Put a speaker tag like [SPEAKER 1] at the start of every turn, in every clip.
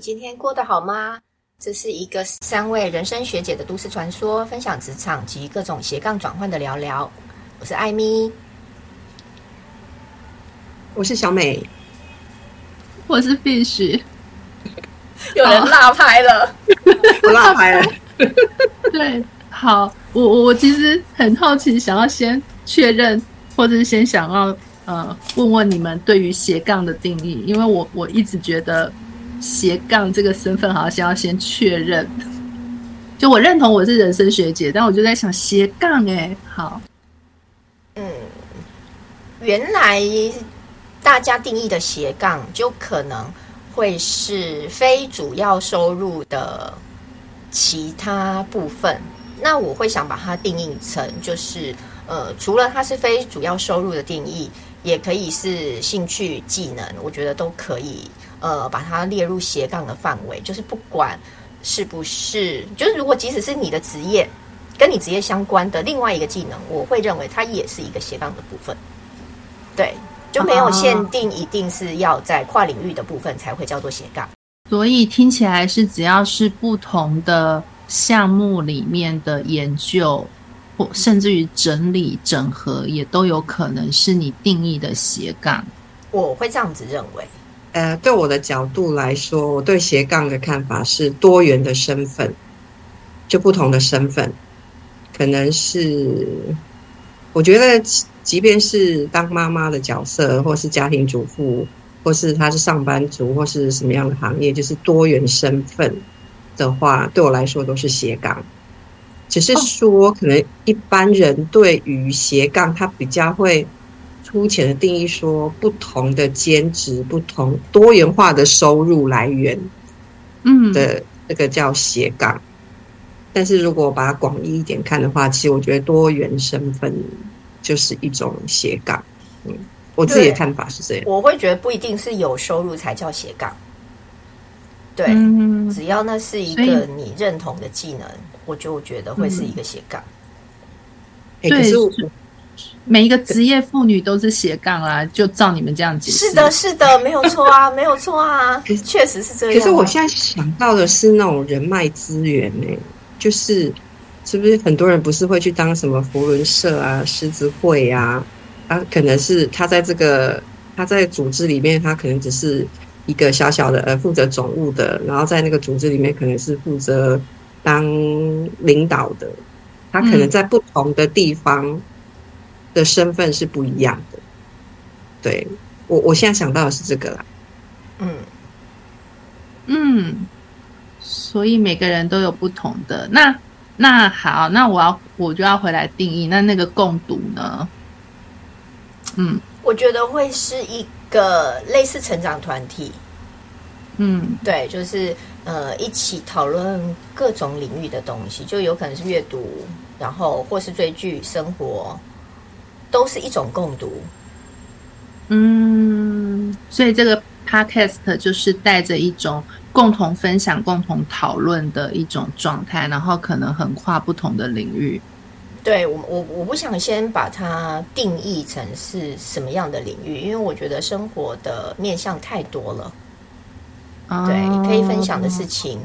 [SPEAKER 1] 今天過得好嗎？這是一個三位人生學姐的都市傳說，分享職場及各種斜槓轉換的聊聊。我是愛咪，
[SPEAKER 2] 我是小美，我是 Fish。
[SPEAKER 1] 有
[SPEAKER 3] 人落拍了， 我落拍了。 對，好，我我其實很好奇，想要先確認，或者是先想要呃問問你們對於斜槓的定義，因為我我一直覺得。斜槓這個身份好像要先確認，就我認同我是人生學姐，但我就在想斜槓哎、欸，好，嗯，
[SPEAKER 1] 原來大家定義的斜槓就可能會是非主要收入的其他部分，那我會想把它定義成就是呃，除了它是非主要收入的定義。也可以是興趣技能，我覺得都可以，呃，把它列入斜槓的範圍。就是不管是不是，就是如果即使是你的職業跟你職業相關的另外一個技能，我會認為它也是一個斜槓的部分。對，就沒有限定一定是要在跨領域的部分才會叫做斜槓。
[SPEAKER 3] 所以聽起來是只要是不同的項目裡面的研究。甚至於整理整合，也都有可能
[SPEAKER 2] 是你定義的斜槓。
[SPEAKER 1] 我會這樣子認為，
[SPEAKER 2] 呃，對我的角度來說，我對斜槓的看法是多元的身份，就不同的身份，可能是我覺得，即便是當媽媽的角色，或是家庭主婦，或是他是上班族，或是什麼樣的行業，就是多元身份的話，對我來說都是斜槓。只是說，可能一般人對於斜槓，他比較會粗淺的定義，說不同的兼職、不同多元化的收入來源，嗯，的這個叫斜槓。嗯、但是如果我把它廣義一點看的話，其實我覺得多元身份就是一種斜槓。嗯，我自己的看法是這樣。我
[SPEAKER 1] 會覺得不一定是有收入才叫斜槓。對、嗯，只要那是一個你認同的技能，我就覺得會是一個斜槓。嗯欸、對，是
[SPEAKER 3] 每一個職業婦女都是斜槓啦，啊，就照你們這樣解釋。是的，
[SPEAKER 1] 是的，沒有錯啊， 沒有錯啊，確實是這樣，啊。可是我現
[SPEAKER 2] 在想到的是那種人脈資源、欸，哎，就是是不是很多人不是會去當什麼扶輪社啊、獅子會啊啊？可能是他在這個他在組織裡面，他可能只是。一個小小的呃，負責總務的，然後在那個組織裡面，可能是負責當領導的。他可能在不同的地方的身份是不一樣的。嗯、對，我，我現在想到的是這個啦。嗯
[SPEAKER 3] 嗯，所以每個人都有不同的。那那好，那我要我就要回來定義那那個共讀呢？嗯，
[SPEAKER 1] 我覺得會是一。個類似成長團體，嗯，對，就是呃，一起討論各種領域的東西，就有可能是閱讀，然後或是追劇、生活，都是一種共讀。嗯，
[SPEAKER 3] 所以這個 podcast 就是帶着一種共同分享、共同討論的一種狀態，然後可能橫跨不同的領域。
[SPEAKER 1] 對，我我我不想先把它定義成是什麼樣的領域，因為我覺得生活的面向太多了，oh. 對，可以分享的事情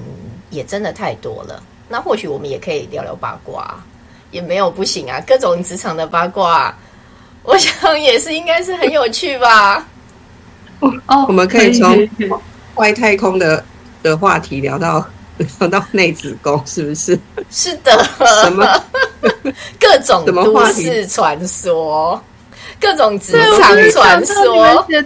[SPEAKER 1] 也真的太多了。那或許我們也可以聊聊八卦，也沒有不行啊，各種職場的八卦，我想也是應該是很有趣吧。
[SPEAKER 2] 哦、oh, 我們可以從外太空的的話題聊到。想到內子宮是不是？是的，
[SPEAKER 1] 什麼各種都市傳說，各種職場傳說，
[SPEAKER 3] 這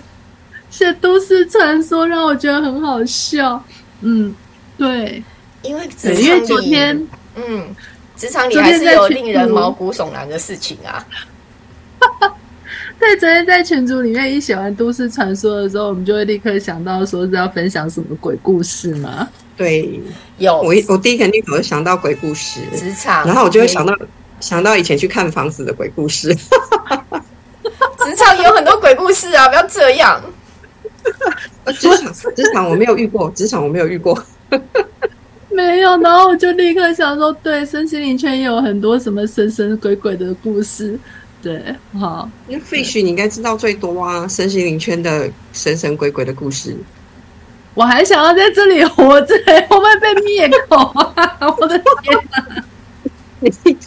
[SPEAKER 3] 些都市傳說讓我覺得很好笑。嗯，對，因為職場裡，因為昨天，嗯，職場裡還是有令
[SPEAKER 1] 人毛骨悚然的事情啊。
[SPEAKER 3] 哈、嗯、哈，啊、 對，昨天在群組裡面一寫完都市傳說的時候，我們就會立刻想到說是要分享什麼
[SPEAKER 2] 鬼故事嘛？對，有我一我第一肯定想到鬼故事，職
[SPEAKER 1] 場，然後我就會想
[SPEAKER 2] 到，Okay. 想到以前去看房子的鬼故事，
[SPEAKER 1] 職場有很多鬼故事啊！ 不要這樣，職場
[SPEAKER 2] 職場我沒有遇過，職場我沒有遇過，
[SPEAKER 3] 沒有遇過， 沒有。然後我就立刻想說，對，身心靈圈也有很多什麼神神鬼鬼的故事，對，好，
[SPEAKER 2] 因為 Fish 你應該知道最多啊，嗯，身心靈圈的神神鬼鬼的故事。我還想要在這裡活着，欸，我會被滅口啊！我的天啊！你可以，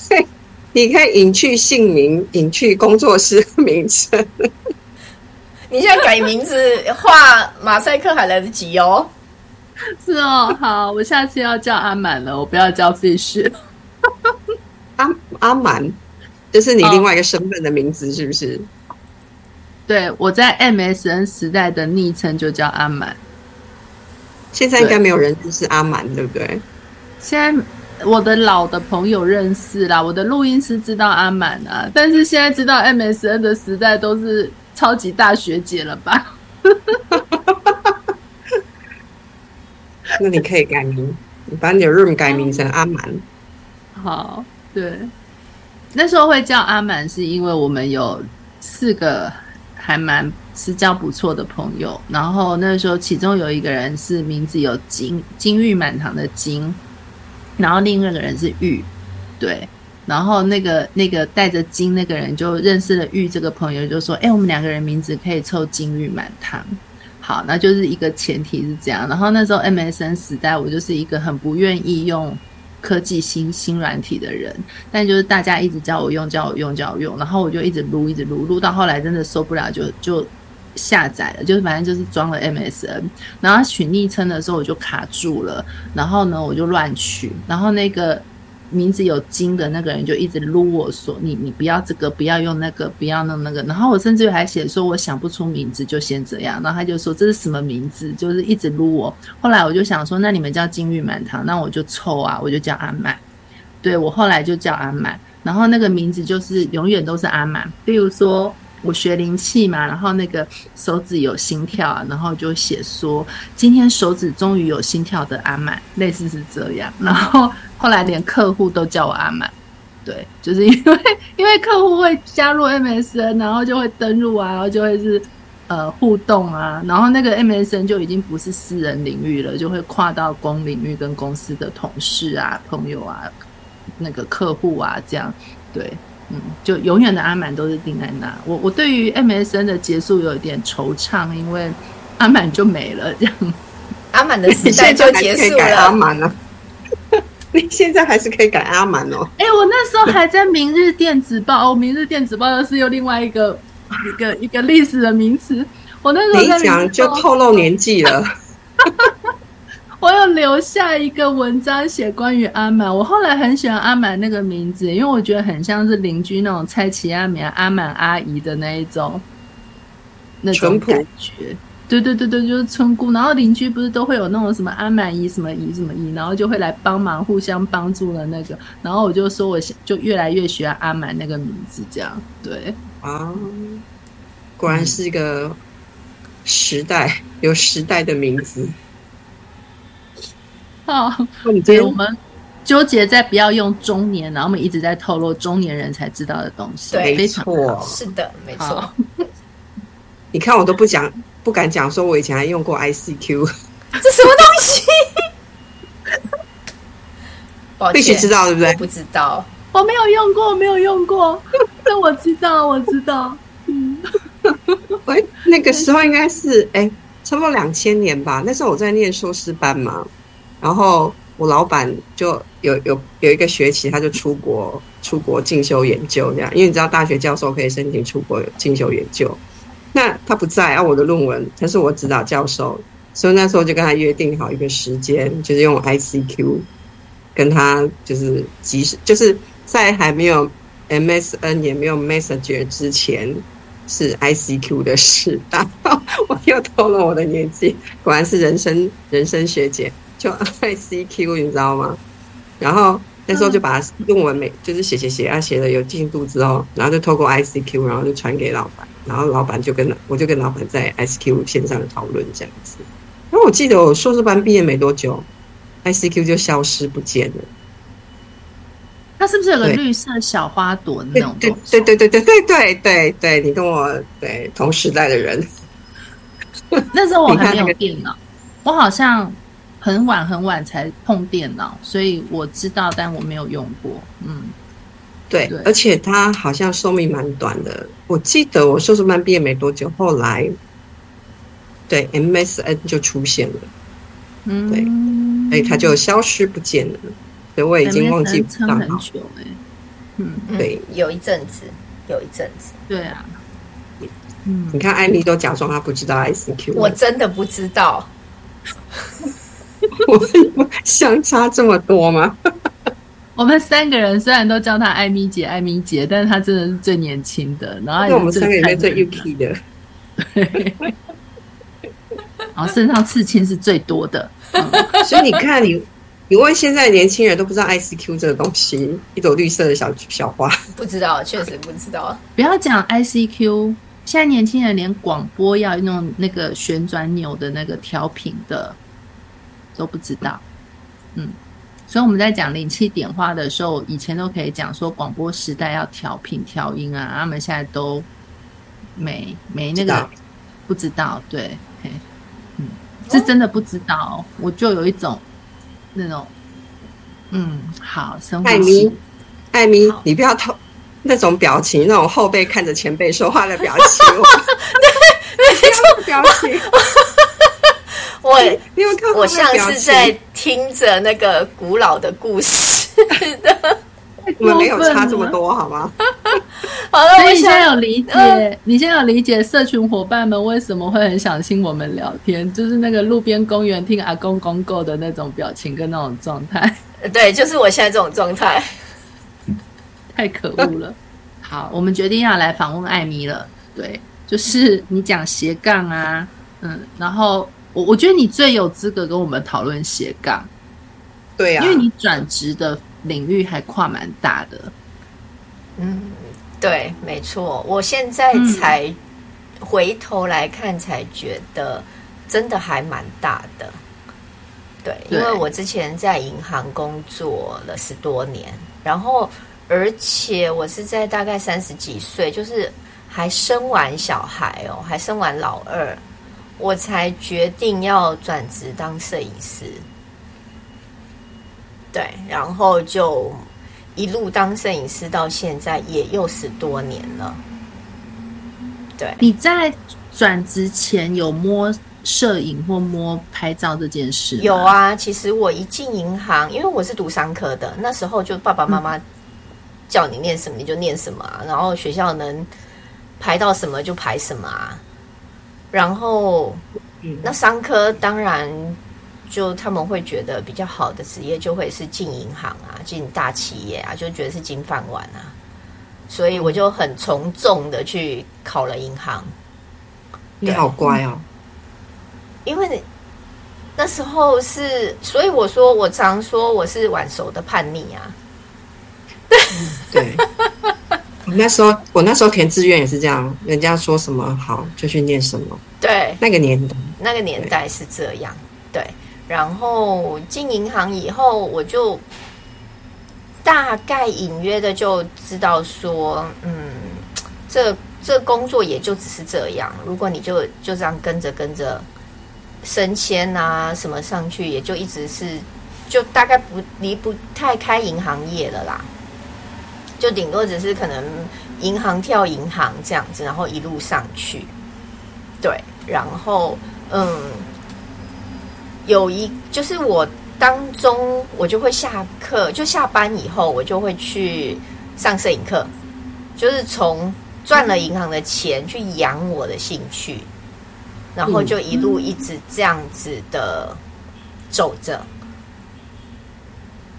[SPEAKER 2] 你可以，隱去姓名，隱去工作室名稱。
[SPEAKER 1] 你現在改名字畫馬賽克還來得及哦。
[SPEAKER 3] 是哦，好，我下次要叫阿滿了，我不要叫 Fish。阿阿滿，就是你另外一個身份的名字，是不是，哦？對，我在 MSN 時代的昵稱就叫阿滿。
[SPEAKER 2] 現在應該沒有人認識阿滿對，對不對？
[SPEAKER 3] 現在我的老的朋友認識啦，我的錄音師知道阿滿啊。但是現在知道 MSN 的時代都是超級大學姐了吧？
[SPEAKER 2] 那你可以改名，你把你的 room 改名成阿滿。
[SPEAKER 3] 好，對。那時候會叫阿滿，是因為我們有四個還蠻。是交不錯的朋友，然後那個時候其中有一個人是名字有金，金玉滿堂的金，然後另外一個人是玉，對，然後那個那個帶着金那個人就認識了玉這個朋友，就說：“欸，我們兩個人名字可以湊金玉滿堂。”好，那就是一個前提是這樣。然後那時候 MSN 時代，我就是一個很不願意用科技新新軟體的人，但就是大家一直叫我用，叫我用，叫我用，然後我就一直擼，一直擼，擼到後來真的受不了，就就。下載了，就是反正就是裝了 MSN，然後他取昵稱的時候我就卡住了，然後呢我就亂取，然後那個名字有金的那個人就一直擼我說，你你不要這個不要用那個不要弄那個，然後我甚至還寫說我想不出名字就先這樣，然後他就說這是什麼名字？就是一直擼我。後來我就想說那你們叫金玉滿堂，那我就抽啊，我就叫阿滿，對，我後來就叫阿滿，然後那個名字就是永遠都是阿滿，比如說。我學靈氣嘛，然後那個手指有心跳啊，然後就寫說今天手指終於有心跳的阿滿，類似是這樣。然後後來連客戶都叫我阿滿，對，就是因為因為客戶會加入 MSN，然後就會登錄啊，然後就會是呃互動啊，然後那個 MSN 就已經不是私人領域了，就會跨到公領域，跟公司的同事啊、朋友啊、那個客戶啊這樣，對。嗯，就永遠的阿滿都是定在那。我我對於 MSN 的結束有點惆悵，因為阿滿就沒了，這樣。
[SPEAKER 1] 阿滿
[SPEAKER 2] 的時代就結束了。可以改阿滿啊，你現在還是可以改
[SPEAKER 3] 阿滿哦。哎、欸，我那時候還在明日電子報、哦《明日電子報》，《明日電子報》又是有另外一個一個一個歷史的名詞。我那時候。你一講就透露
[SPEAKER 2] 年紀了。
[SPEAKER 3] 我有留下一個文章，寫關於阿滿。我後來很喜歡阿滿那個名字，因為我覺得很像是鄰居那種蔡其阿滿、啊、阿滿阿姨的那一種，那種感覺。對對對對，就是村姑。然後鄰居不是都會有那種什麼阿滿姨、什麼姨、什麼姨，然後就會來幫忙，互相幫助的那個。然後我就說，我
[SPEAKER 2] 就越來越喜歡阿滿那個
[SPEAKER 3] 名字，這樣
[SPEAKER 2] 對啊，果然是一個時代、嗯，有時代的名字。
[SPEAKER 3] 哦、欸，我們糾結在不要用中年，然後我們一直在透露中年人才知道的東西。對，沒錯，是
[SPEAKER 1] 的，沒
[SPEAKER 2] 錯。 你看，我都不講，不敢講，說我以前還用過 ICQ，
[SPEAKER 3] 這什麼東西？ 必須知道，對不對？我不知道，我沒有用過，沒有用過。 但我知道, 我知道，我知道。嗯，
[SPEAKER 2] 喂，那個時候應該是哎、欸，差不多兩千年吧？那時候我在念碩士班嘛。然後我老闆就有有有一個學期，他就出國出國進修研究，這樣，因為你知道大學教授可以申請出國進修研究。那他不在啊，我的論文他是我指導教授，所以那時候就跟他約定好一個時間，就是用 ICQ 跟他就是即時，就是在還沒有 MSN 也沒有 Messenger 之前，是 ICQ 的事。我又偷了我的年紀，果然是人生人生學姐。就 I C Q 你知道嗎？然後那時候就把論文沒就是寫寫寫啊寫了有進度之後，然後就透過 I C Q，然後就傳給老闆，然後老闆就跟我就跟老闆在 I C Q 線上討論這樣子。然後我記得我碩士班畢業沒多久，I C Q 就消失不見了。它是不是有個綠
[SPEAKER 3] 色小花朵那種？對對對對對對對對對，對，你跟我
[SPEAKER 2] 對同時代的人，那
[SPEAKER 3] 時候我還沒有電腦，我好像。很晚很晚才碰電腦，所以我知道，但我沒有用
[SPEAKER 2] 過。嗯，對，對而且它好像壽命蠻短的。我記得我碩士班畢業沒多久，後來對 MSN 就出現了，嗯，
[SPEAKER 1] 對，所以它就
[SPEAKER 2] 消失不見了。所以我已經忘記不。MSN、撐很久、欸、嗯，對嗯，有一陣子，
[SPEAKER 1] 有一陣子，
[SPEAKER 2] 對啊，嗯，你看，艾莉都假裝她不知道 ICQ，我
[SPEAKER 1] 真的不知道。
[SPEAKER 2] 我 們相差這麼多嗎？
[SPEAKER 3] 我們三個人雖然都叫他愛咪姐，愛咪姐，但是他真的是最年輕的，然後那我們三個人最 Yuki
[SPEAKER 2] 的， 然後身上刺青是最多的。嗯、所以你看你，你你問現在年輕人都不知道 ICQ 這個東西，一朵綠色的小小花，
[SPEAKER 1] 不知道，確實不知道。
[SPEAKER 2] 不要講 ICQ，現
[SPEAKER 3] 在年輕人連廣播要用那個旋轉鈕的那個調頻的。都不知道，嗯，所以我們在講靈氣點化的時候，以前都可以講說，廣播時代要調頻調音啊，他們現在都沒沒那個知不知道。對嘿，嗯，是真的不知道，
[SPEAKER 2] 哦、我就有一種那種，嗯，好，生活，愛咪，愛咪，你不要偷那種表情，那種後輩看着前輩說話的表情，對 我， 不要 表情。 我我
[SPEAKER 1] 像是在聽着那個古老的故事的、
[SPEAKER 2] 啊， 我們沒有
[SPEAKER 3] 差這麼多好嗎？ 好了，你現在有理解、嗯，你現在有理解社群夥伴們為什麼會很想聽我們聊天，就是那個路邊公園聽阿公公購的那種表情跟那種狀態。
[SPEAKER 1] 對，就是我現在這種狀態，
[SPEAKER 3] 太可惡了。好，我們決定要來訪問愛咪了。對，就是你講斜槓啊，嗯，然後。我我覺得你最有資格跟我們討論斜槓，對啊，因為你轉職的領域還跨蠻大的。嗯，
[SPEAKER 1] 對，沒錯，我現在才回頭來看，才覺得真的還蠻大的對。對，因為我之前在銀行工作了十多年，然後而且我是在大概三十幾歲，就是還生完小孩哦，還生完老二。我才決定要轉職當攝影師，對，然後就一路當攝影師到現在也有十多年了。對，
[SPEAKER 3] 你在轉職前有摸攝影或摸拍照這件
[SPEAKER 2] 事？有啊，
[SPEAKER 1] 其實我一進銀行，因為我是讀商科的，那時候就爸爸媽媽叫你念什麼你就念什麼，嗯，然後學校能排到什麼就排什麼啊。然後，那商科當然就他們會覺得比較好的職業就會是進銀行啊，進大企業啊，就覺得是金飯碗啊，所以我就很從眾的去考了銀行。
[SPEAKER 2] 你好乖哦，
[SPEAKER 1] 因為你那時候是，所以我說我常說我是晚熟的叛逆啊，對。嗯對
[SPEAKER 2] 那時候我那時候填志願也是這樣，人家說什麼好就去念什麼。對，那個年
[SPEAKER 1] 代，那個年代是這樣。對，然後進銀行以後，我就大概隱約的就知道說，嗯，這這工作也就只是這樣。如果你就就這樣跟着跟着升遷啊什麼上去，也就一直是就大概不離不太開銀行業了啦。就頂多只是可能銀行跳銀行這樣子，然後一路上去，對，然後嗯，有一就是我當中，我就會下課就下班以後，我就會去上攝影課，就是從賺了銀行的錢去養我的興趣，然後就一路一直這樣子的走着。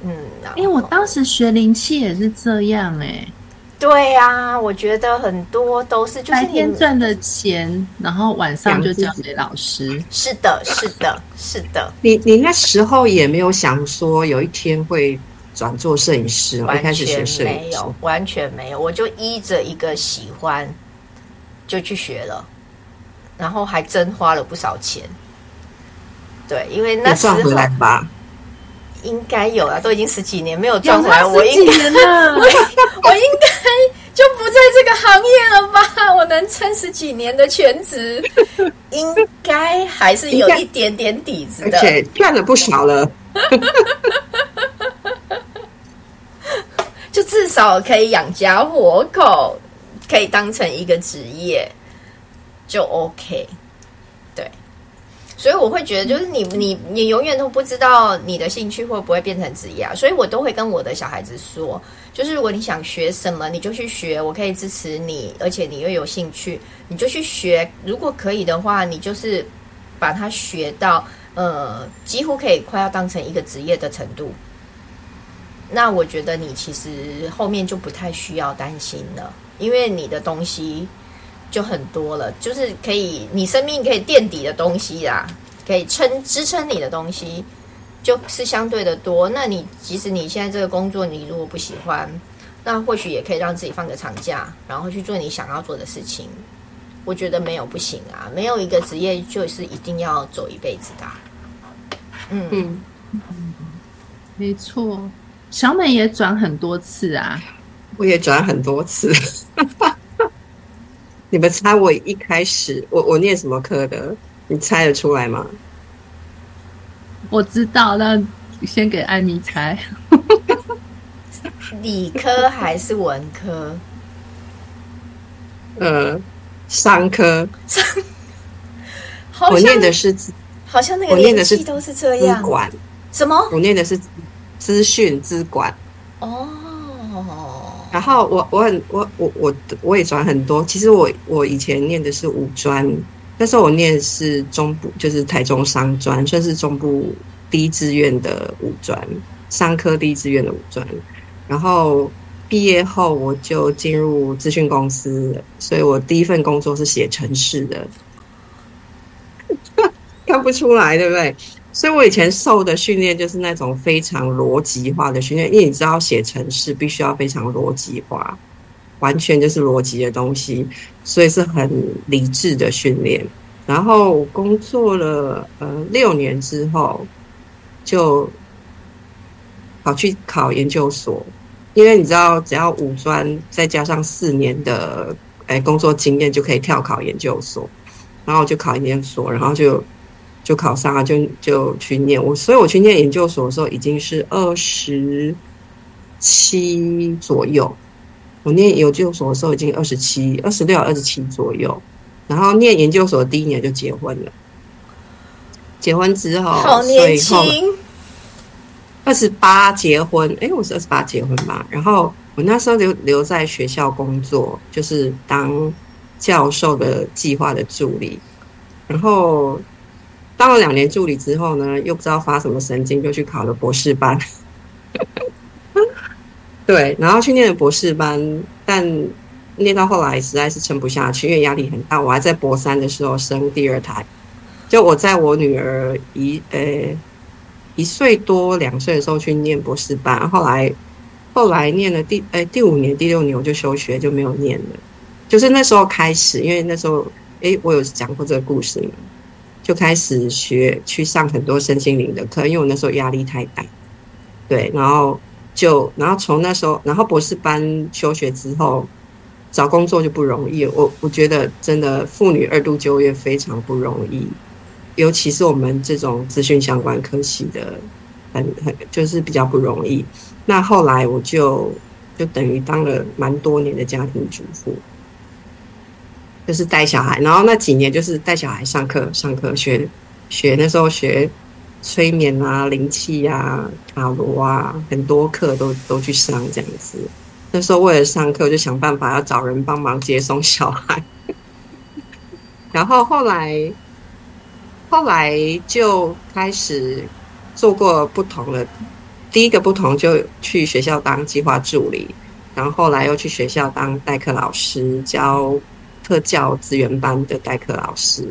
[SPEAKER 1] 嗯，因為、欸、我
[SPEAKER 3] 當時學靈氣也是這樣哎、
[SPEAKER 1] 欸，對呀、啊，我覺得很多都是，就是白天賺的錢，
[SPEAKER 3] 然後晚上就交給老師。
[SPEAKER 1] 是的，是的，是的。
[SPEAKER 2] 你你那時候也沒有想說有一天會轉做攝影師， 一開始學攝影師沒有，
[SPEAKER 1] 完全沒有。我就依着一個喜歡就去學了，然後還真花了不少錢。對，因為那次很應該有啊，都已經十幾年沒有賺回來，我應該 我我應該就不在這個行業了吧？我能撐十幾年的全職，應該還是有一點點底子的，而且
[SPEAKER 2] 賺了不少了。
[SPEAKER 1] 就至少可以養家活口，可以當成一個職業，就 OK。所以我會覺得，就是你、你、你永遠都不知道你的興趣會不會變成職業啊。所以我都會跟我的小孩子說，就是如果你想學什麼，你就去學，我可以支持你，而且你又有興趣，你就去學。如果可以的話，你就是把它學到，呃，幾乎可以快要當成一個職業的程度，那我覺得你其實後面就不太需要擔心了，因為你的東西。就很多了，就是可以你生命可以墊底的東西啊，可以撐支撐你的東西，就是相對的多。那你即使你現在這個工作你如果不喜歡，那或許也可以讓自己放個長假，然後去做你想要做的事情。我覺得沒有不行啊，沒有一個職業就是一定要走一輩子的啊。嗯嗯，
[SPEAKER 3] 嗯，沒錯，小美也轉很多次啊，
[SPEAKER 2] 我也轉很多次。 你們猜我一開始我我念什麼科的？你猜得出來嗎？
[SPEAKER 3] 我知道，那先給愛咪猜 。
[SPEAKER 1] 理科還是文科？
[SPEAKER 2] 呃，商科 。
[SPEAKER 1] 我念的是，好像那個我念的是都是這
[SPEAKER 2] 樣。什麼？我念的是資訊資管。哦。然後我我很我我我我也轉很多。其實我我以前念的是五專，但是我念的是中部，就是台中商專，算是中部第一志願的五專，商科第一志願的五專。然後畢業後我就進入資訊公司了，所以我第一份工作是寫程式的， 看不出來，對不對？所以我以前受的訓練就是那種非常邏輯化的訓練，因為你知道寫程式，必須要非常邏輯化，完全就是邏輯的東西，所以是很理智的訓練。然後工作了呃六年之後，就跑去考研究所，因為你知道只要五專再加上四年的誒、哎、工作經驗就可以跳考研究所，然後我就考研究所，然後就。就考上了，就就去念我，所以我去念研究所的時候已經是二十七左右。我念研究所的時候已經二十七、二十六、二十七左右。然後念研究所的第一年就結婚了。結婚之後，好年輕，二十八結婚。誒，我是二十八結婚嘛。然後我那時候留留在學校工作，就是當教授的計劃的助理，然後。當了兩年助理之後呢，又不知道發什麼神經，就去考了博士班。 對，然後去念了博士班，但念到後來實在是撐不下去，因為壓力很大。我還在博三的時候生第二胎，就我在我女兒一誒一歲多兩歲的時候去念博士班，後來後來念了第誒第五年，第六年我就休學，就沒有念了。就是那時候開始，因為那時候誒，我有講過這個故事。就開始學去上很多身心靈的課，因為我那時候壓力太大，對，然後就然後從那時候，然後博士班休學之後，找工作就不容易。我我覺得真的婦女二度就業非常不容易，尤其是我們這種資訊相關科系的，很很就是比較不容易。那後來我就就等於當了蠻多年的家庭主婦。就是帶小孩，然後那幾年就是帶小孩上課，上課學學那時候學，催眠啊、靈氣啊、塔羅啊，很多課都都去上這樣子。那時候為了上課，我就想辦法要找人幫忙接送小孩。 然後後來，後來就開始做過不同的，第一個不同就去學校當計劃助理，然後後來又去學校當代課老師教。特教資源班的代課老師，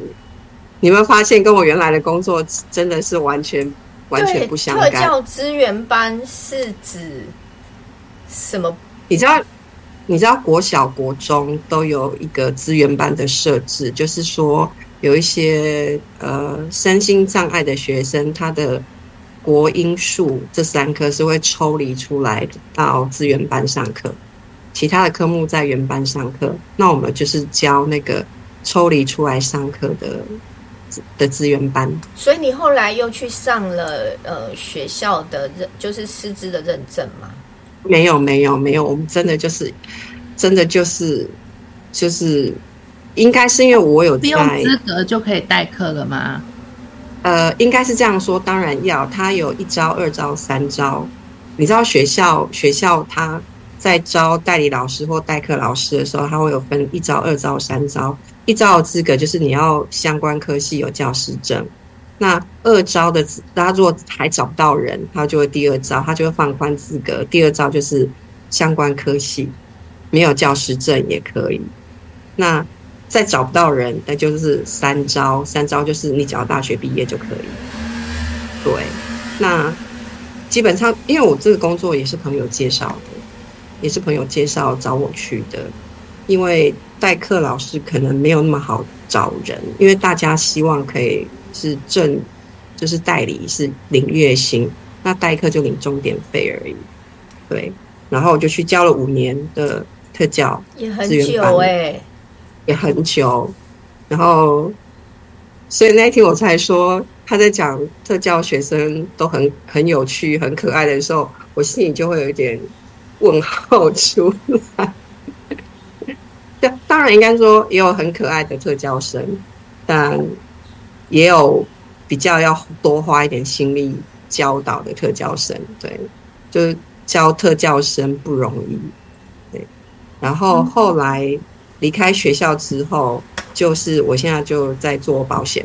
[SPEAKER 2] 你有沒有發現跟我原來的工作真的是完全完全不相干？特教
[SPEAKER 1] 資源班是指什麼？
[SPEAKER 2] 你知道你知道國小國中都有一個資源班的設置，就是說有一些呃身心障礙的學生，他的國英數這三科是會抽離出來到資源班上課。其他的科目在原班上課，那我們就是教那個抽離出來上課的的資源班。
[SPEAKER 1] 所以你後來又去上了呃學校的認，就是師資的認證嗎？
[SPEAKER 2] 沒有沒有沒有，我們真的就是真的就是就是，應該是因為我有不用資格就可以代課了嗎？呃，應該是這樣說，當然要。他有一招、二招、三招，你知道學校學校他。在招代理老師或代課老師的時候，他會有分一招、二招、三招。一招的資格就是你要相關科系有教師證。那二招的，他如果還找不到人，他就會第二招，他就會放寬資格。第二招就是相關科系沒有教師證也可以。那再找不到人，那就是三招。三招就是你只要大學畢業就可以。對，那基本上因為我這個工作也是朋友介紹的。也是朋友介紹找我去的，因為代課老師可能沒有那麼好找人，因為大家希望可以是正，就是代理是領月薪，那代課就領鐘點費而已。對，然後我就去教了五年的特教資源班，也很久哎、欸，也很久。然後，所以那天我才說他在講特教學生都很很有趣、很可愛的時候，我心裡就會有一點。問候出來， 對，當然應該說也有很可愛的特教生，但也有比較要多花一點心力教導的特教生。對，就是教特教生不容易。對，然後後來離開學校之後，就是我現在就在做保險，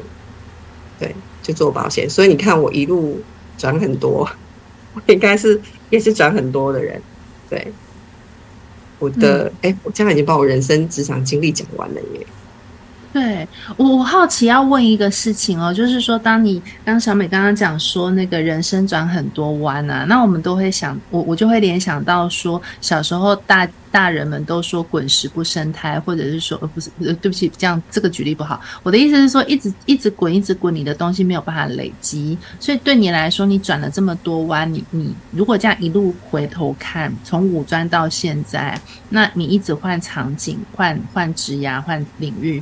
[SPEAKER 2] 對，就做保險。所以你看，我一路轉很多，我應該是也是轉很多的人。對，我的哎、嗯，我這樣已經把我人生職場經歷講完了耶。
[SPEAKER 3] 對，我好奇要問一個事情哦，就是說當，當你剛小美剛剛講說那個人生轉很多彎啊，那我們都會想，我我就會聯想到說，小時候大，大人們都說“滾石不生苔”，或者是說，呃，不是，對不起，這樣這個舉例不好。我的意思是說，一直一直滾，一直滾，你的東西沒有辦法累積。所以對你來說，你轉了這麼多彎，你你如果這樣一路回頭看，從五專到現在，那你一直換場景、換換職涯、換領域，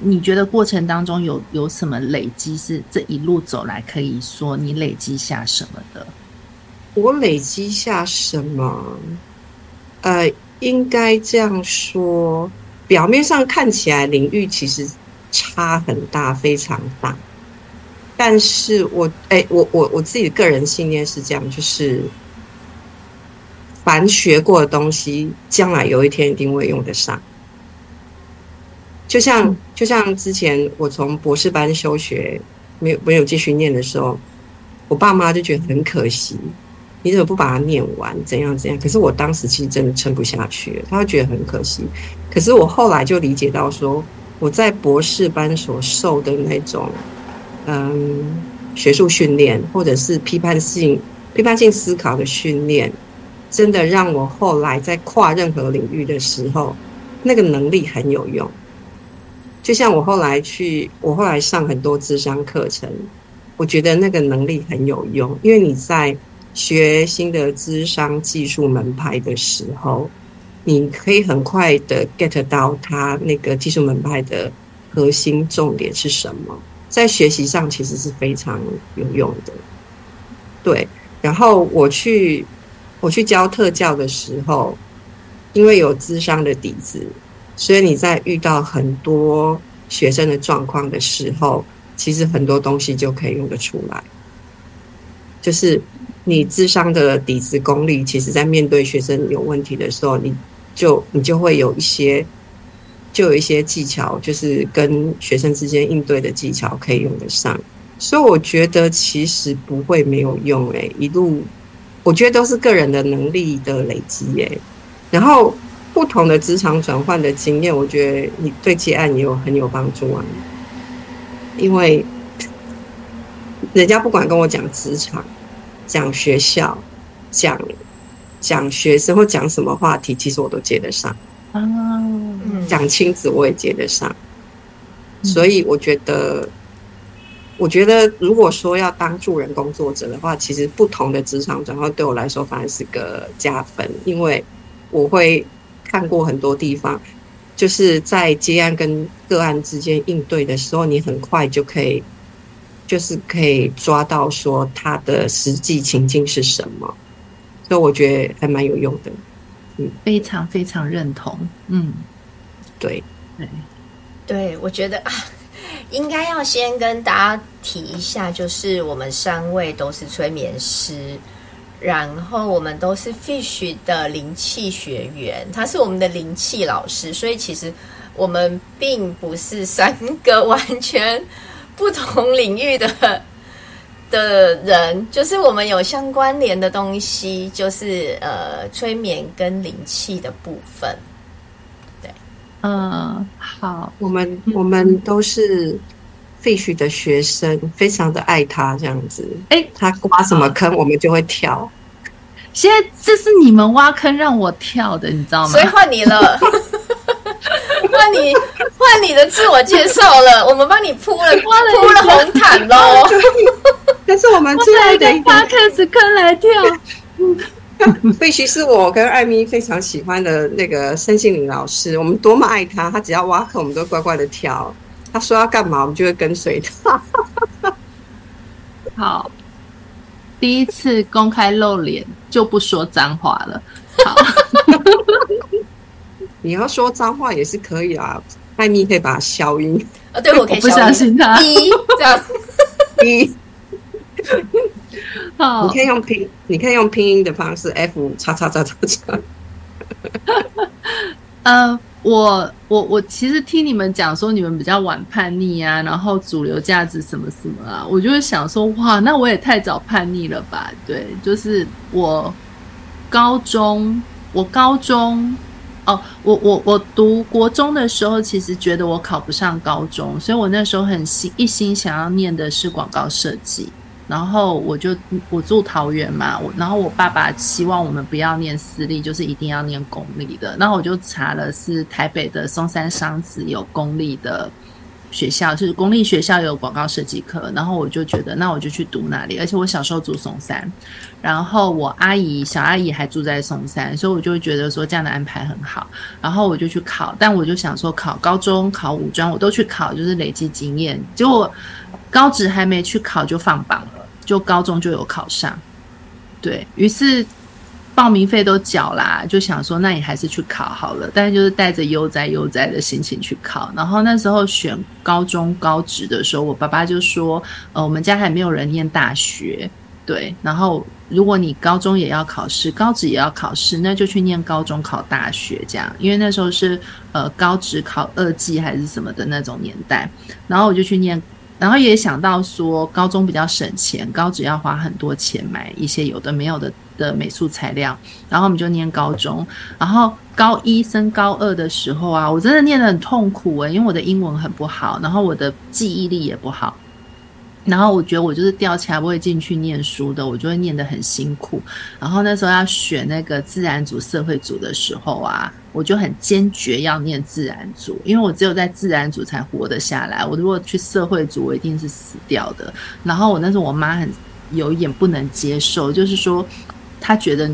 [SPEAKER 3] 你覺得過程當中有有什麼累積是？是這一路走來，可以說你
[SPEAKER 2] 累積下什麼的？我累積下什麼？呃，應該這樣說，表面上看起來領域其實差很大，非常大。但是我，哎、欸，我我我自己的個人信念是這樣，就是凡學過的東西，將來有一天一定會用得上。就像就像之前我從博士班休學，沒有沒有繼續唸的時候，我爸媽就覺得很可惜。你怎麼不把它念完？怎樣怎樣？可是我當時其實真的撐不下去了，他會覺得很可惜。可是我後來就理解到說，說我在博士班所受的那種，嗯，學術訓練或者是批判性、批判性思考的訓練，真的讓我後來在跨任何領域的時候，那個能力很有用。就像我後來去，我後來上很多諮商課程，我覺得那個能力很有用，因為你在。學新的諮商技術門派的時候，你可以很快的 get 到他那個技術門派的核心重點是什麼，在學習上其實是非常有用的。對，然後我去我去教特教的時候，因為有諮商的底子，所以你在遇到很多學生的狀況的時候，其實很多東西就可以用得出來，就是。你諮商的底子功力，其實在面對學生有問題的時候，你就你就會有一些，就有一些技巧，就是跟學生之間應對的技巧可以用得上。所以我覺得其實不會沒有用誒、欸，一路我覺得都是個人的能力的累積誒。然後不同的職場轉換的經驗，我覺得你對接案也有很有幫助啊。因為人家不管跟我講職場。講學校，講講學生或講什麼話題，其實我都接得上啊。講親子我也接得上，所以我覺得，我覺得如果說要當助人工作者的話，其實不同的職場轉換對我來說反而是個加分，因為我會看過很多地方，就是在接案跟個案之間應對的時候，你很快就可以。就是可以抓到說他的實際情境是什麼，所以我覺得還蠻有用的，嗯，
[SPEAKER 3] 非常非常認同，嗯，對，
[SPEAKER 2] 對，
[SPEAKER 1] 對，我覺得啊，應該要先跟大家提一下，就是我們三位都是催眠師，然後我們都是 Fish 的靈氣學員，他是我們的靈氣老師，所以其實我們並不是三個完全。不同領域的的人，就是我們有相關聯的東西，就是呃，催眠跟靈氣的部分。
[SPEAKER 2] 對，嗯，好，我們我們都是 Fish 的學生，非常的愛他這樣子。欸，他挖什麼坑，我們就會跳。
[SPEAKER 3] 現在這是你們挖坑讓我跳
[SPEAKER 1] 的，你知道嗎？所以換你了。換你，換你的自我介紹了。 我們幫你鋪了鋪了紅
[SPEAKER 2] 毯嘍。 但是我們最愛的挖坑子，坑來跳。必須是我跟愛咪非常喜歡的那個身心靈老師。 我們多麼愛他！他只要挖坑，我們都乖乖的跳。他說要幹嘛，我們就會跟隨他。 好，
[SPEAKER 3] 第一次公開露臉，就不說髒話了。好。
[SPEAKER 2] 你要說髒話也是可以啊，愛咪可以把它消音。啊、哦，對，我可以消音。我不相信他， 這樣，一 你笑。你可以用拼，你可以用拼音的方式，f 叉叉叉叉叉。嗯，
[SPEAKER 3] 我我我其實聽你們講說你們比較晚叛逆啊，然後主流價值什麼什麼啊，我就是想說，哇，那我也太早叛逆了吧？對，就是我高中，我高中。哦，我我我讀國中的時候，其實覺得我考不上高中，所以我那時候很心一心想要念的是廣告設計。然後我就我住桃園嘛，我然後我爸爸希望我們不要念私立，就是一定要念公立的。然後我就查了，是台北的松山商職有公立的。學校就是公立學校有廣告設計科，然後我就覺得，那我就去讀那裡。而且我小時候住松山，然後我阿姨小阿姨還住在松山，所以我就覺得說這樣的安排很好。然後我就去考，但我就想說考高中，考五專我都去考，就是累積經驗。結果高職還沒去考就放榜了，就高中就有考上。對，於是。報名費都繳啦，就想說，那你還是去考好了，但是就是帶着悠哉悠哉的心情去考。然後那時候選高中、高職的時候，我爸爸就說：“呃，我們家還沒有人念大學，對。然後如果你高中也要考試，高職也要考試，那就去念高中考大學，這樣。因為那時候是呃高職考二技還是什麼的那種年代。然後我就去念，然後也想到說，高中比較省錢，高職要花很多錢買一些有的沒有的。”的美術材料，然後我們就念高中，然後高一升高二的時候啊，我真的念得很痛苦哎、欸，因為我的英文很不好，然後我的記憶力也不好，然後我覺得我就是吊起來不會進去念書的，我就會念得很辛苦。然後那時候要選那個自然組、社會組的時候啊，我就很堅決要念自然組，因為我只有在自然組才活得下來，我如果去社會組，我一定是死掉的。然後我那時候我媽很有一點不能接受，就是說。他覺得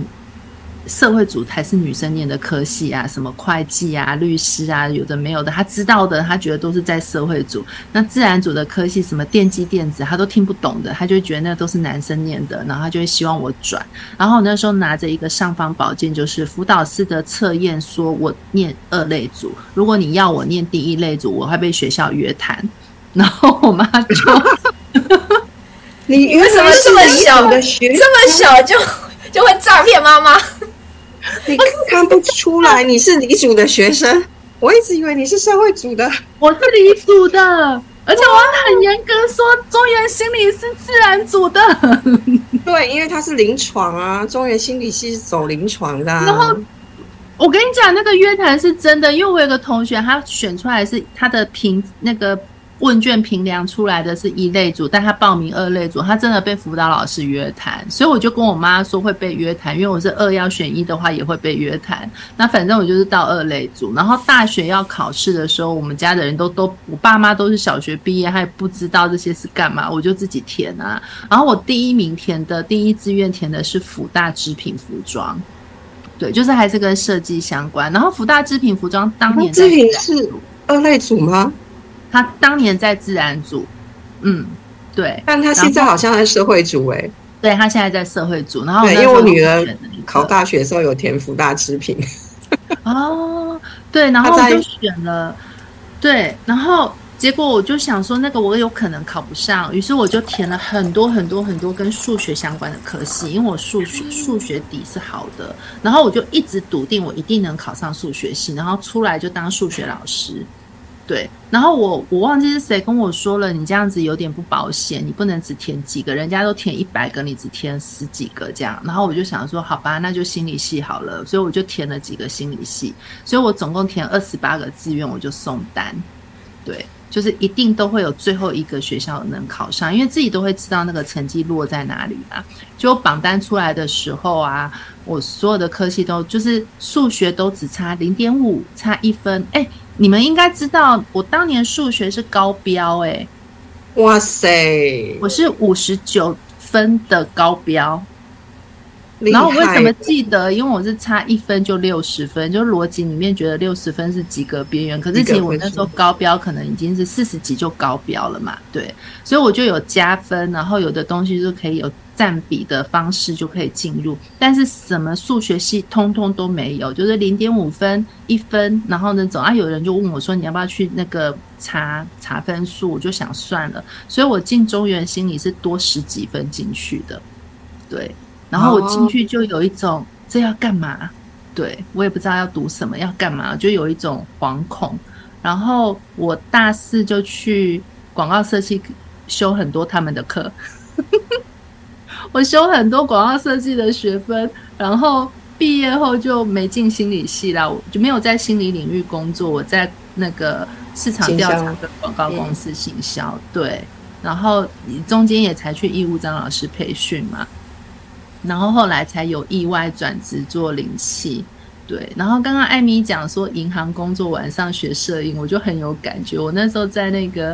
[SPEAKER 3] 社會組才是女生念的科系啊，什麼會計啊、律師啊，有的沒有的，他知道的，他覺得都是在社會組。那自然組的科系，什麼電機電子，他都聽不懂的，他就覺得那都是男生念的，然後他就會希望我轉。然後那時候拿着一個尚方寶劍，就是輔導師的測驗，說我念二類組。如果你要我念第一類組，我會被學校約談。然後我媽就、嗯， 你為什麼這麼
[SPEAKER 1] 小的學、啊，這麼小就？
[SPEAKER 2] 就會詐騙媽媽， 你看不出來你是理組的學生，我一直以為你是社會組的。我是理組的，而且我很嚴格說，中原心理是自然組的。 對，因為他是臨床啊，中原心理系是走臨床的啊。然後
[SPEAKER 3] 我跟你講，那個約談是真的，因為我有一個同學他選出來是他的平，那個。問卷評量出來的是一類組，但他報名二類組，他真的被輔導老師約談，所以我就跟我媽說會被約談，因為我是二要選一的話也會被約談。那反正我就是到二類組。然後大學要考試的時候，我們家的人都都，我爸媽都是小學畢業，還不知道這些是幹嘛，我就自己填啊。然後我第一名填的第一志願填的是輔大織品服裝，對，就是還是跟設計相關。然後輔大織品服裝當年的這
[SPEAKER 2] 裡是二類組嗎？嗯他
[SPEAKER 3] 當年在自然組，嗯，
[SPEAKER 2] 對，但他現在好像在社會組哎，對，他現在在社會組，然後對，因為我女兒，我考大學的時候有填輔大織品
[SPEAKER 3] 哦，對，然後我就選了他，對，然後結果我就想說，那個我有可能考不上，於是我就填了很多很多很多跟數學相關的科系，因為我數學數學底是好的，然後我就一直篤定我一定能考上數學系，然後出來就當數學老師。對，然後我我忘記是誰跟我說了，你這樣子有點不保險，你不能只填幾個人家都填一百個，你只填十幾個這樣。然後我就想說，好吧，那就心理系好了，所以我就填了幾個心理系，所以我總共填二十八個志願，我就送單。對，就是一定都會有最後一個學校能考上，因為自己都會知道那個成績落在哪裡嘛。就榜單出來的時候啊，我所有的科系都就是數學都只差零點五，差一分，哎。你們應該知道，我當年數學是高標哎，哇塞，我是五十九分的高標，然後我為什麼記得？因為我是差一分就六十分，就邏輯裡面覺得六十分是及格邊緣，可是其實我那時候高標可能已經是四十幾就高標了嘛，對，所以我就有加分，然後有的東西就可以有。佔比的方式就可以進入，但是什麼數學系通通都沒有，就是零點五分、一分，然後呢，總要，有人就問我說：“你要不要去那個查查分數？”我就想算了，所以我進中原心理是多十幾分進去的，對。然後我進去就有一種、oh. 這要幹嘛？對，我也不知道要讀什麼，要幹嘛，就有一種惶恐。然後我大四就去廣告設計修很多他們的課。 我修很多廣告設計的學分，然後畢業後就沒進心理系啦，我就沒有在心理領域工作。我在那個市場調查跟廣告公司行銷，對。然後中間也才去義務張老師培訓嘛，然後後來才有意外轉職做靈氣，對。然後剛剛艾米講說，銀行工作，晚上學攝影，我就很有感覺。我那時候在那個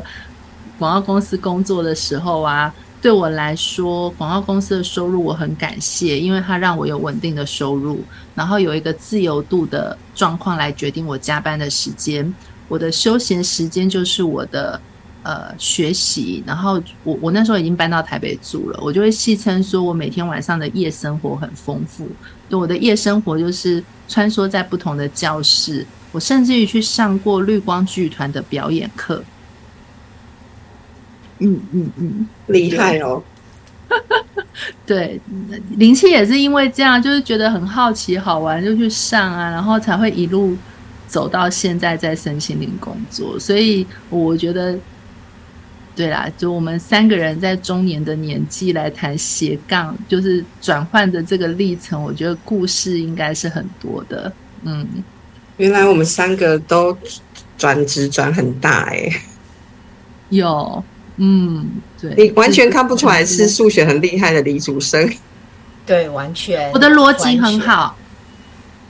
[SPEAKER 3] 廣告公司工作的時候啊。對我來說，廣告公司的收入我很感謝，因為它讓我有穩定的收入，然後有一個自由度的狀況來決定我加班的時間。我的休閒時間就是我的呃學習，然後我我那時候已經搬到台北住了，我就會戲稱說我每天晚上的夜生活很豐富，對。我的夜生活就是穿梭在不同的教室，我甚至於去上過綠光劇團的表演課。
[SPEAKER 2] 嗯嗯嗯，厲害哦！
[SPEAKER 3] 對，靈氣也是因為這樣，就是覺得很好奇、好玩，就去上啊，然後才會一路走到現在在身心靈工作。所以我覺得，對啦，就我們三個人在中年的年紀來談斜槓，就是轉換的這個歷程，我覺得故事應該是很多的。
[SPEAKER 2] 嗯，原來我們三個都轉職轉很大哎、欸，有。嗯，對，你完全看不出來是數學很厲害的理組生。
[SPEAKER 1] 對，完全，
[SPEAKER 2] 我的
[SPEAKER 3] 邏輯很好，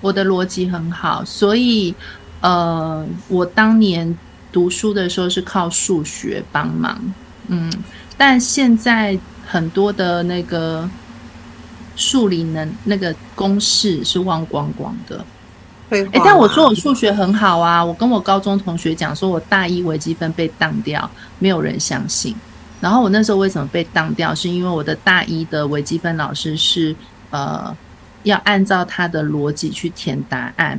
[SPEAKER 3] 我的邏輯很好，所以呃，我當年讀書的時候是靠數學幫忙，嗯，但現在很多的那個數理呢，那個公式是忘光光的。誒，但我說我數學很好啊！我跟我高中同學講，說我大一微積分被當掉，沒有人相信。然後我那時候為什麼被當掉？是因為我的大一的微積分老師是，呃，要按照他的邏輯去填答案。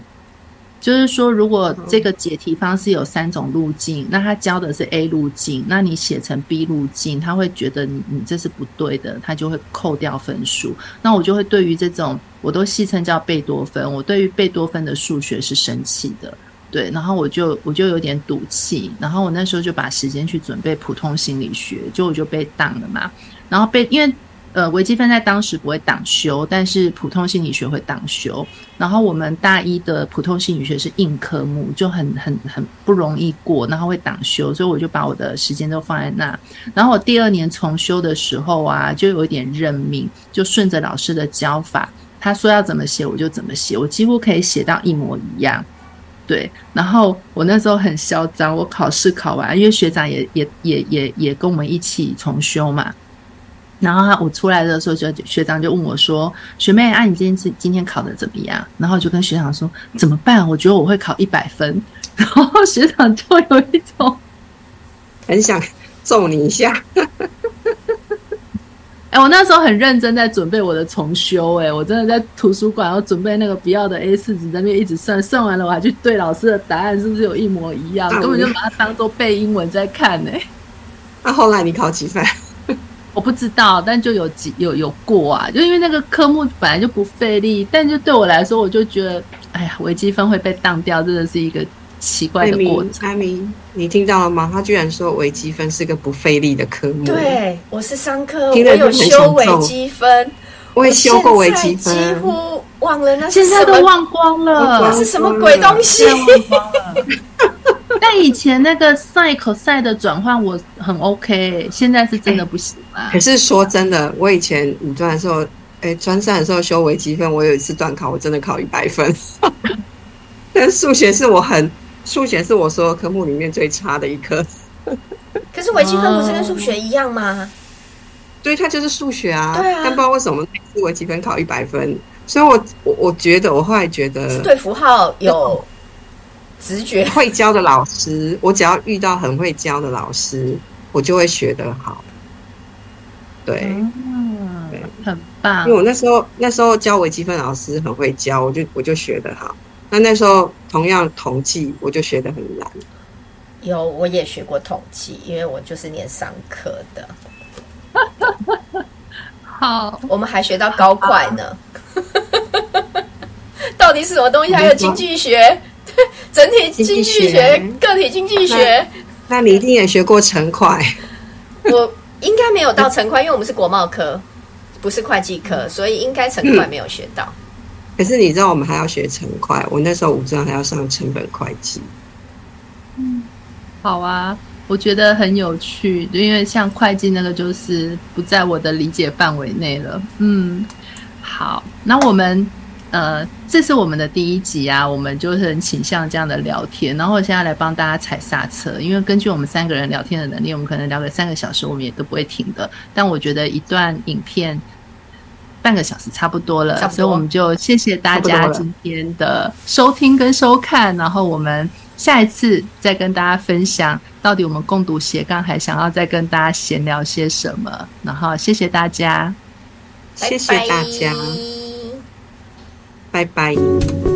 [SPEAKER 3] 就是說，如果這個解題方式有三種路徑，那他教的是 A 路徑，那你寫成 B 路徑，他會覺得你你這是不對的，他就會扣掉分數。那我就會對於這種，我都戲稱叫貝多芬，我對於貝多芬的數學是生氣的，對，然後我就我就有點賭氣，然後我那時候就把時間去準備普通心理學，就我就被當了嘛，然後被因為。呃，微積分在當時不會擋修，但是普通心理學會擋修。然後我們大一的普通心理學是硬科目，就很很很不容易過，然後會擋修，所以我就把我的時間都放在那。然後我第二年重修的時候啊，就有一點認命，就順着老師的教法，他說要怎麼寫我就怎麼寫，我幾乎可以寫到一模一樣。對，然後我那時候很囂張，我考試考完，因為學長也也也也也跟我們一起重修嘛。然後我出來的時候，學學長就問我說：“學妹，啊，你今天是今天考的怎麼樣？”然後我就跟學長說：“怎麼辦？我覺得我會考一百分。”然後學長就有一種很想
[SPEAKER 2] 揍你一下。
[SPEAKER 3] 哎、 欸，我那時候很認真在準備我的重修，哎，我真的在圖書館，我準備那個不要的 A 四紙在那邊一直算，算完了我還去對老師的答案是不是有一模一樣，啊，根本就把它當做背英文在看呢。那，啊，後來你考幾分？我不知道，但就有幾有有過啊，就因為那個科目本來就不費力，但就對我來說，我就覺得，哎呀，微積分會被當掉，真的是一個奇怪的過程。艾、哎、咪、哎，你聽到
[SPEAKER 2] 了嗎？他居然說微積分是個不費力的科目。對，
[SPEAKER 1] 我是商科，我有修微積分，我也修過微積分，我幾乎忘了那是
[SPEAKER 2] 什麼鬼東西。
[SPEAKER 3] 忘了 但以前那個賽可賽的轉換我很 OK，現在是真的不行。欸
[SPEAKER 2] 可是說真的，我以前五專的時候，哎，專三的時候修微積分，我有一次段考，我真的考一百分。 但是數學是我很數學是我所有科目裡面最差的一科。
[SPEAKER 1] 可是微積分不是跟數學一樣嗎？
[SPEAKER 2] 哦、對，它就是數學啊。啊但不知道為什麼那次微積分考一百分，所以我我我覺得我後來覺得是對符號有直覺、嗯，會教的老師，我只要遇到很會教的老師，我就會學得好。對，嗯，對，很棒。因為我那時候那時候教微積分老師很會教，我就我就學得好。那那時候同樣統計，我就學得很爛。
[SPEAKER 1] 有，我也學過統計，因為我就是念商科的。 好，我們還學到高快呢。 到底是什麼東西？還有經濟學？對， 整體經濟學、個體經濟學
[SPEAKER 2] 那。那你一定也學過成塊。 我。
[SPEAKER 1] 應該沒有到成本，因為我們是國貿科，不是會計科，所以應該成本沒有學到。嗯。
[SPEAKER 2] 可是你知道我們還要學成本，我那時候不知道還要上成本會計。嗯，
[SPEAKER 1] 好啊，我覺
[SPEAKER 3] 得很有趣，因為像會計那個就是不在我的理解範圍內了。嗯，好，那我們。呃，這是我們的第一集啊，我們就是很傾向這樣的聊天，然後現在來幫大家踩剎車，因為根據我們三個人聊天的能力，我們可能聊個三個小時，我們也都不會停的。但我覺得一段影片半個小時差不多了，多了所以我們就謝謝大家今天的收聽、收、收聽跟收看，然後我們下一次再跟大家分享到底我們共讀斜槓還想要再跟大家閒聊些什麼，然後謝謝大家，謝謝大家。拜拜謝謝大家
[SPEAKER 2] 拜拜。